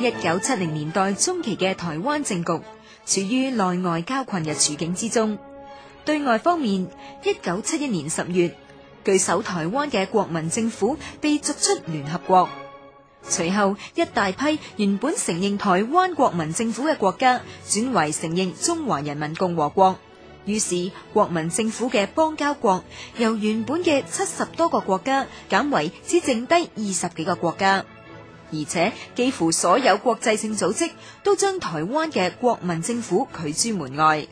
一九七零年代中期嘅台灣政局處於內外交困嘅處境之中。對外方面，一九七一年十月，據守台灣嘅國民政府被逐出聯合國。隨後，一大批原本承認台灣國民政府嘅國家轉為承認中華人民共和國，於是國民政府嘅邦交國由原本嘅七十多個國家減為只剩低二十幾個國家。而且，幾乎所有國際性組織都將台灣嘅國民政府拒之門外。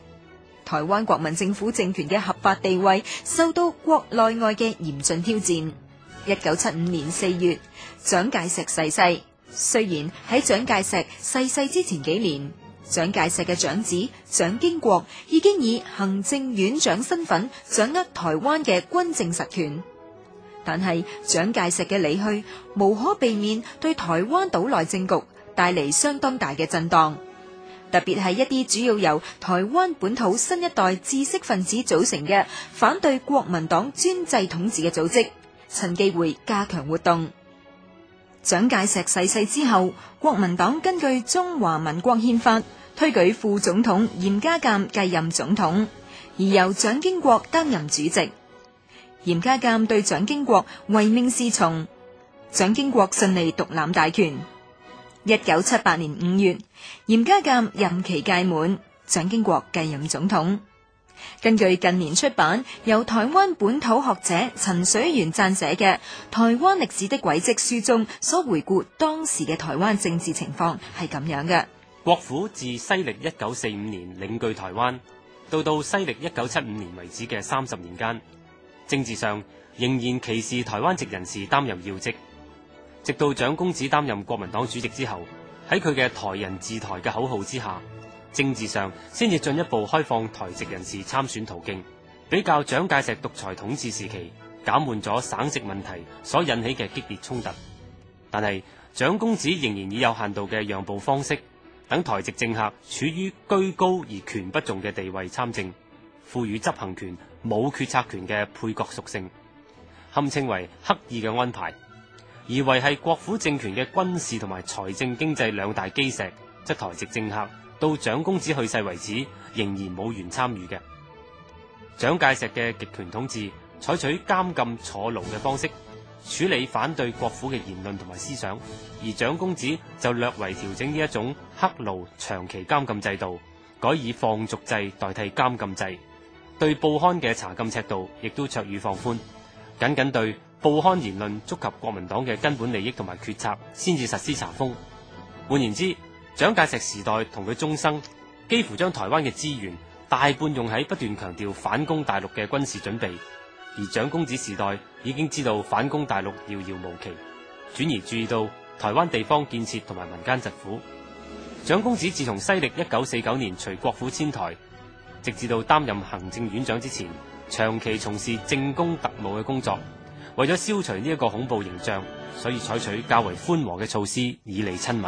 台灣國民政府政權嘅合法地位受到國內外嘅嚴峻挑戰。一九七五年四月，蔣介石逝世。雖然喺蔣介石逝世之前幾年，蔣介石嘅長子蔣經國已經以行政院長身份掌握台灣嘅軍政實權。但係，蔣介石嘅離去無可避免對台灣島內政局帶嚟相當大嘅震盪，特別係一啲主要由台灣本土新一代知識分子組成嘅反對國民黨專制統治嘅組織，趁機會加強活動。蔣介石逝世之後，國民黨根據《中華民國憲法》推舉副總統嚴家淦繼任總統，而由蔣經國擔任主席。嚴家淦對蔣經國唯命是從，蔣經國順利獨攬大權。一九七八年五月，嚴家淦任期屆滿，蔣經國繼任總統。根據近年出版由台灣本土學者陳水源撰寫嘅《台灣歷史的軌跡》書中所回顧當時嘅台灣政治情況，係咁樣嘅：國府自西曆一九四五年領據台灣，到到西曆一九七五年為止嘅三十年間。政治上仍然歧視台灣籍人士擔任要職，直到蔣公子擔任國民黨主席之後，喺佢嘅台人治台嘅口號之下，政治上先至進一步開放台籍人士參選途徑，比較蔣介石獨裁統治時期，減緩咗省籍問題所引起嘅激烈衝突。但係蔣公子仍然以有限度嘅讓步方式，等台籍政客處於居高而權不重嘅地位參政。賦予執行權冇決策權嘅配角屬性，堪稱為刻意嘅安排；而維繫國府政權嘅軍事同埋財政經濟兩大基石，則台籍政客到蔣公子去世為止，仍然冇緣參與嘅。蔣介石嘅極權統治採取監禁坐牢嘅方式處理反對國府嘅言論同埋思想，而蔣公子就略為調整呢一種黑牢長期監禁制度，改以放逐制代替監禁制。對報刊嘅查禁尺度亦都酌予放寬，僅僅對報刊言論觸及國民黨嘅根本利益同埋決策，先至實施查封。換言之，蔣介石時代同佢終生幾乎將台灣嘅資源大半用喺不斷強調反攻大陸嘅軍事準備，而蔣公子時代已經知道反攻大陸遙遙無期，轉而注意到台灣地方建設同埋民間疾苦。蔣公子自從西歷一九四九年隨國府遷台。直至到擔任行政院長之前，長期從事政工特務嘅工作，為咗消除呢一個恐怖形象，所以採取較為寬和嘅措施，以嚟親民。